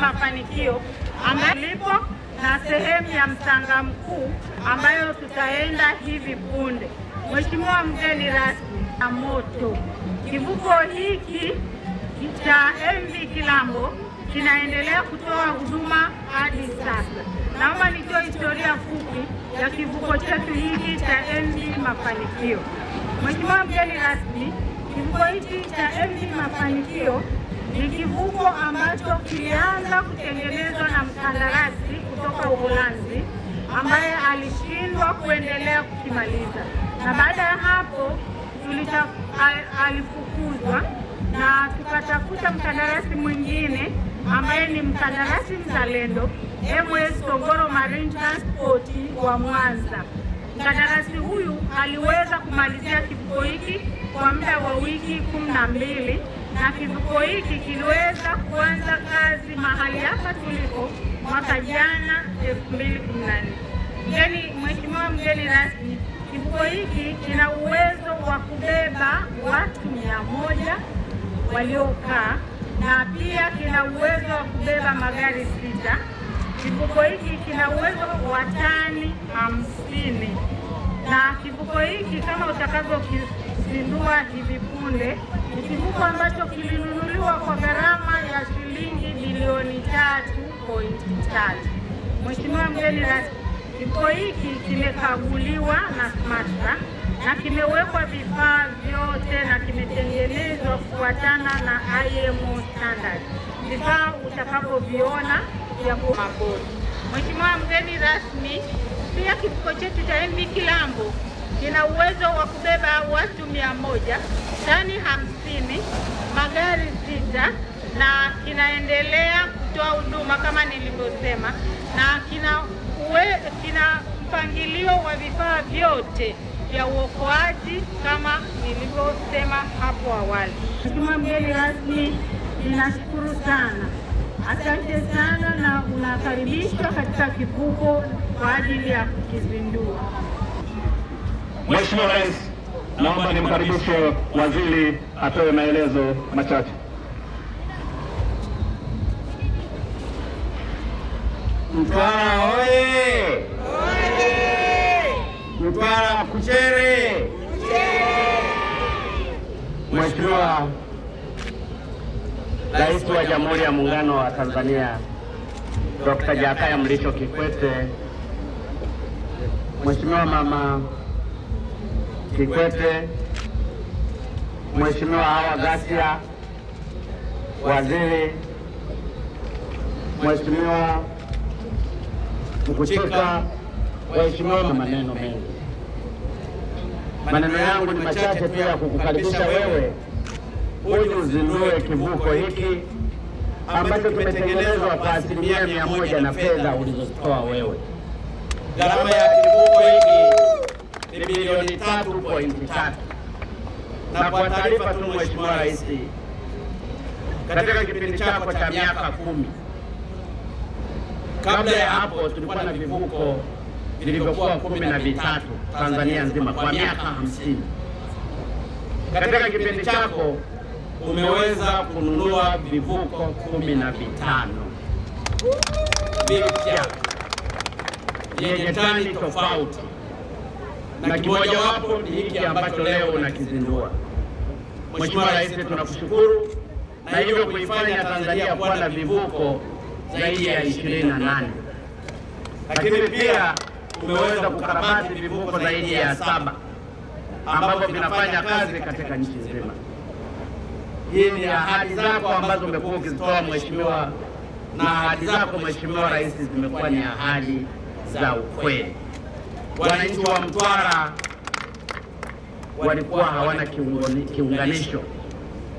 mafanikio ambapo na sehemu ya mtanga mkuu ambayo tutaenda hivi punde. Mheshimiwa mgeni rasmi, na moto kivuko hiki cha MV Kilambo kinaendelea kutoa huduma hadi sasa. Naomba nitoe historia fupi ya kivuko chetu hiki cha MV Mafanikio. Mheshimiwa mgeni rasmi, kivuko hiki cha MV Mafanikio ni kivuko ambacho kilianza kutengenezwa na mkandarasi kutoka Uholanzi ambaye alishindwa kuendelea kukimaliza, na baada ya hapo tulita, al, alifukuzwa na tukatafuta mkandarasi mwingine ambaye ni mkandarasi mzalendo MS Tongoro Marine Transport wa Mwanza. Mkandarasi huyu aliweza kumalizia kivuko hiki kwa muda wa wiki kumi na mbili na kivuko hiki kiliweza kuanza kazi mahali hapa tulipo mwaka jana 2014. Mgeni, mheshimiwa mgeni rasmi, kivuko hiki kina uwezo wa kubeba watu mia moja waliokaa na pia kina uwezo wa kubeba magari sita. Kivuko hiki kina uwezo wa tani hamsini na kivuko hiki kama utakavyokizindua hivi punde ni kivuko ambacho kilinunuliwa kwa gharama ya shilingi bilioni 3.3. Mheshimiwa mgeni rasmi, kifuko hiki kimekaguliwa na SMATRA na kimewekwa vifaa vyote na kimetengenezwa kufuatana na IMO standard. Vifaa utakapoviona vya mabodi. Mheshimiwa mgeni rasmi, pia kifuko chetu cha MV Kilambo kina uwezo wa kubeba watu mia moja, tani hamsini, magari sita na kinaendelea kutoa huduma kama nilivyosema, na kina, uwe, kina mpangilio wa vifaa vyote vya uokoaji kama nilivyosema hapo awali. Mheshimiwa mgeni rasmi, ninashukuru sana, asante sana, na unakaribishwa katika kivuko kwa ajili ya kukizindua. Mheshimiwa Rais, naomba nimkaribishe waziri atoe maelezo machache. Mtwara oye! Mtwara kuchere! Mheshimiwa Rais wa Jamhuri ya Muungano wa Tanzania Dr. Jakaya Mlisho Kikwete, Mheshimiwa mama Kikwete, Mheshimiwa Hawa Ghasia, waziri, Mheshimiwa mkuchika waheshimiwa, na maneno mengi. Maneno yangu ni machache pia ya kukukaribisha wewe huyu uzindue kivuko hiki ambacho kimetengenezwa kwa asilimia mia moja na fedha ulizotoa wewe. Gharama ya kivuko hiki ni bilioni tatu pointi tatu na kwa taarifa tu Mheshimiwa Rais, katika kipindi chako cha miaka kumi, kabla ya hapo tulikuwa na vivuko vilivyokuwa kumi na vitatu Tanzania nzima kwa miaka hamsini. Katika kipindi chako umeweza kununua vivuko kumi na vitano vipya yenye tani tofauti na kimojawapo ni hiki ambacho leo unakizindua. Mheshimiwa Rais, tunakushukuru na hivyo kuifanya Tanzania kuwa na vivuko zaidi ya 28 lakini pia umeweza kukarabati vivuko zaidi ya saba ambavyo vinafanya kazi katika nchi nzima. Hii ni ahadi zako ambazo umekuwa ukizitoa mheshimiwa, na ahadi zako Mheshimiwa Rais zimekuwa ni ahadi za ukweli wananchi wa Mtwara walikuwa hawana kiunganisho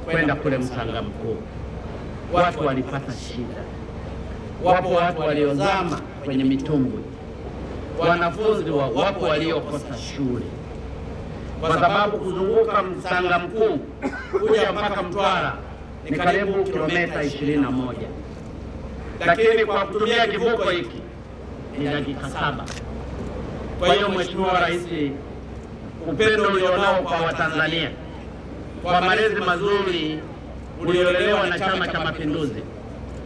kwenda kule Msanga Mkuu, watu walipata shida. Wapo watu waliozama kwenye mitumbwi, wanafunzi wa, wapo waliokosa shule, kwa sababu kuzunguka Msanga Mkuu kuja mpaka Mtwara ni karibu kilomita ishirini moja lakini kwa kutumia kivuko hiki ni dakika saba. Kwa hiyo Mheshimiwa Rais, upendo ulionao kwa Watanzania, kwa malezi mazuri uliolelewa na Chama cha Mapinduzi,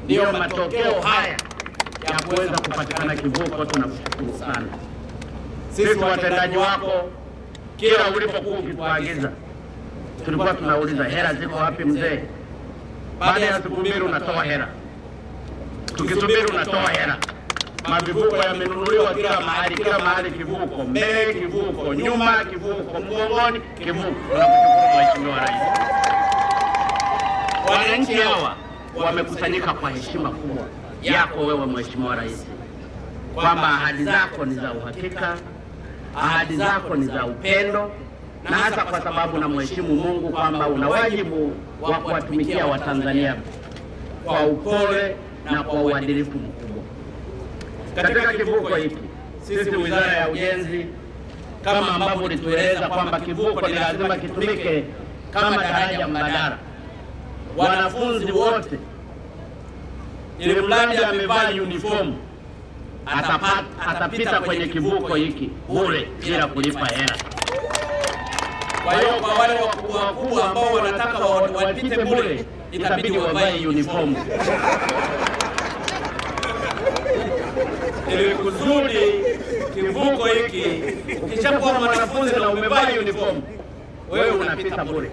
ndiyo matokeo haya ya kuweza kupatikana kivuko. Tunakushukuru sana sisi watendaji wako, kila ulipokuwa ukituagiza tulikuwa tunauliza hela ziko wapi mzee? Baada ya siku mbili unatoa hela, tukisubiri unatoa hela. Mavivuko yamenunuliwa kila mahali, kila mahali kivuko, mbele kivuko, nyuma kivuko, mgongoni kivuko. Tunakushukuru Mheshimiwa Rais. Wananchi hawa wamekusanyika kwa heshima kubwa yako wewe Mheshimiwa Rais, kwamba ahadi zako ni za uhakika, ahadi zako ni za upendo na hasa kwa sababu na mheshimu Mungu kwamba una wajibu wa kuwatumikia Watanzania kwa upole na kwa uadilifu mkubwa. Katika kivuko hiki sisi Wizara ya Ujenzi, kama ambavyo ulitueleza kwamba kivuko ni lazima kitumike kama daraja mbadala. Wanafunzi wote, ili mradi amevaa uniform atapita kwenye kivuko hiki bure bila kulipa hela. Kwa hiyo kwa wale wakubwa wakubwa ambao wanataka wapite bure, itabidi wavae uniform ili kusudi kivuko hiki kishakuwa mwanafunzi na umevaa uniform, wewe unapita bure,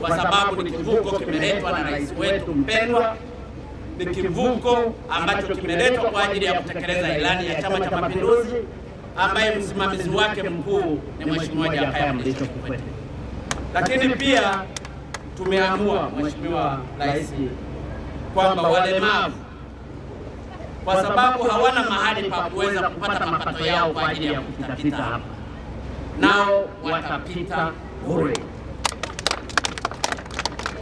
kwa sababu ni kivuko kimeletwa na rais wetu mpendwa. Ni kivuko ambacho kimeletwa kwa ajili ya kutekeleza ilani ya Chama cha Mapinduzi ambaye msimamizi wake mkuu ni Mheshimiwa Jakaya Mrisho Kikwete. Lakini pia tumeamua Mheshimiwa Rais kwamba walemavu kwa sababu hawana mahali pa kuweza kupata mapato yao kwa ajili ya kupitapita hapa, nao watapita bure.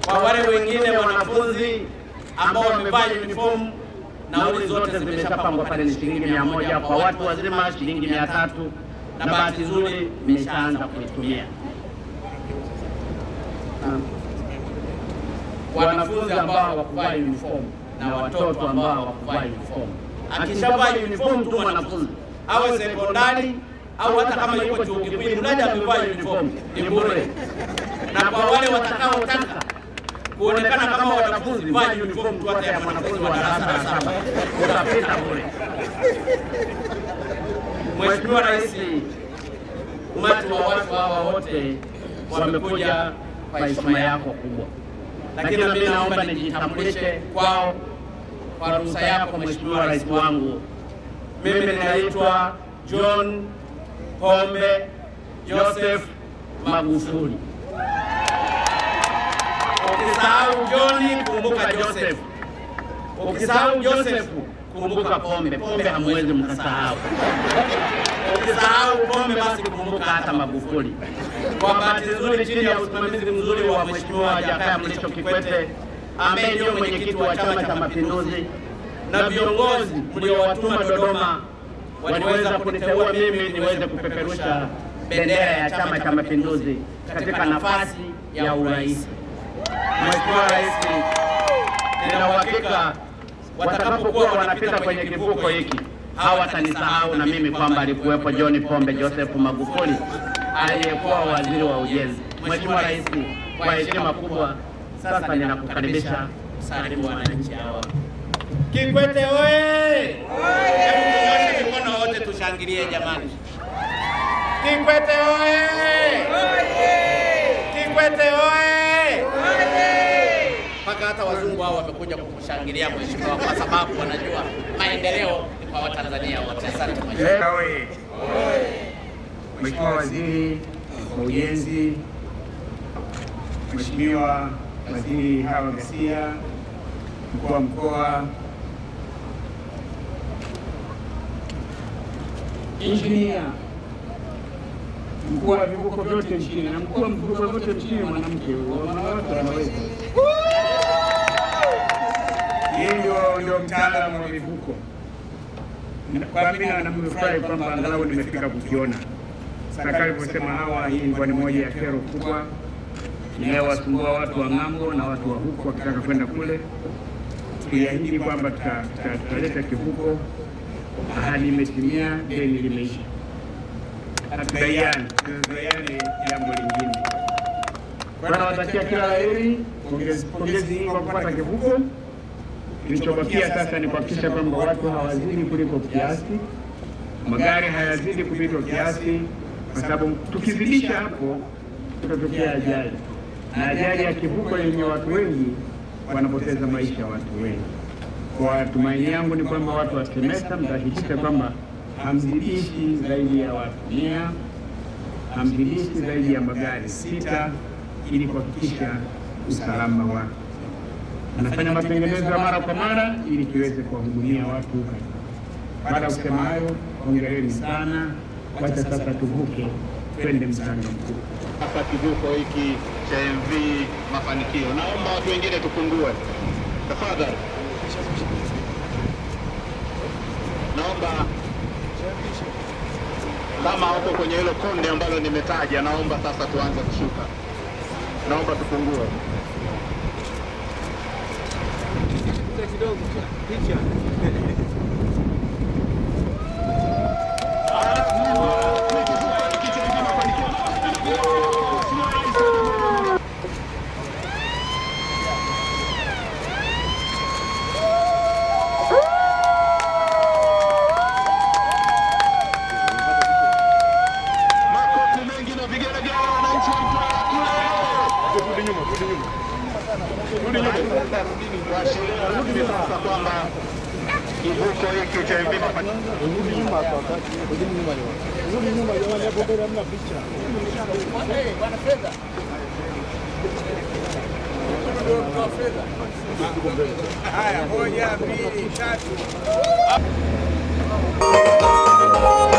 Kwa wale wengine wanafunzi ambao wamevaa uniform, nauli zote zimeshapangwa pale, ni shilingi mia moja kwa watu wazima, shilingi mia tatu na bahati nzuri mmeshaanza kuitumia wanafunzi ambao hawakuvaa uniform na watoto ambao wakuvaa uniform. Akishavaa uniform tu mwanafunzi awe sekondari au hata kama yuko chuo kikuu, mradi amevaa uniform ni bure. Na kwa wale watakaotaka kuonekana kama wanafunzi, vaa uniform tu hata ya mwanafunzi wa darasa la saba utapita bure. Mheshimiwa Rais, umati wa watu hawa wote wamekuja kwa heshima yako kubwa lakini mimi naomba nijitambulishe kwao kwa ruhusa yako Mheshimiwa Rais wangu. Mimi ninaitwa John Pombe Joseph Magufuli. Ukisahau John, kumbuka Joseph. Ukisahau Joseph Kumbuka pombe, pombe hamwezi mkasahau. Ukisahau pombe, basi kumbuka hata Magufuli. Kwa bahati nzuri, chini ya usimamizi mzuri wa Mheshimiwa Jakaya Mrisho Kikwete ambaye ndiyo mwenyekiti wa Chama cha Mapinduzi na viongozi mliowatuma Dodoma waliweza kuniteua mimi niweze kupeperusha bendera ya Chama cha Mapinduzi katika nafasi ya urais. Mheshimiwa Rais, nina uhakika watakapokuwa wanapita kwenye kivuko hiki hawatanisahau na mimi kwamba alikuwepo John Pombe Joseph Magufuli aliyekuwa waziri wa ujenzi. Mheshimiwa Rais, kwa heshima kubwa, sasa ninakukaribisha usalimu wananchi hawa. Kikwete oye! Mikono wote tushangilie jamani! Kikwete oye! Kikwete oye! hata wazungu hao wamekuja kukushangilia mheshimiwa, kwa sababu wanajua maendeleo ni kwa Watanzania wote. Asante Mheshimiwa eh, Waziri wa Ujenzi, Mheshimiwa Waziri Hawa Ghasia, mkuu wa mkoa, injinia mkuu wa vivuko vyote nchini na mkuu wa vivuko vyote nchini mwanamke, wanawake wanaweza yeye ndio ndio mtaalamu wa mivuko. Kwa mimi nimefurahi kwamba angalau nimefika kukiona. Serikali kusema hawa, hii ilikuwa ni moja ya kero kubwa inayowasumbua watu wa ng'ambo na watu wa huku wakitaka kwenda kule. Tuliahidi kwamba tutaleta kivuko, ahadi imetimia, deni limeisha. Hatudaiani, tudaiani jambo lingine. Kwa nawatakia kila la heri. Pongezi hii kwa kupata kivuko. Kilichobakia sasa ni kuhakikisha kwamba watu hawazidi kuliko kiasi, magari hayazidi kupitwa kiasi, kwa sababu tukizidisha hapo tutatokea ajali, na ajali ya kivuko yenye watu wengi wanapoteza maisha ya watu wengi. Kwa tumaini yangu ni kwamba watu wa Temesa mtahakikisha kwamba hamzidishi zaidi ya watu mia, hamzidishi zaidi ya magari sita, ili kuhakikisha usalama wake anafanya matengenezo ya mara kwa mara ili kiweze kuwahudumia watu Baada ya kusema hayo, hongereni sana. Wacha sasa tuvuke twende mtanda mkuu. Hapa kivuko hiki cha MV Mafanikio, naomba watu wengine tupungue tafadhali. Naomba kama huko kwenye hilo konde ambalo nimetaja, naomba sasa tuanze kushuka, naomba tupungue. Hiç yani. Haya, moja, mbili, tatu.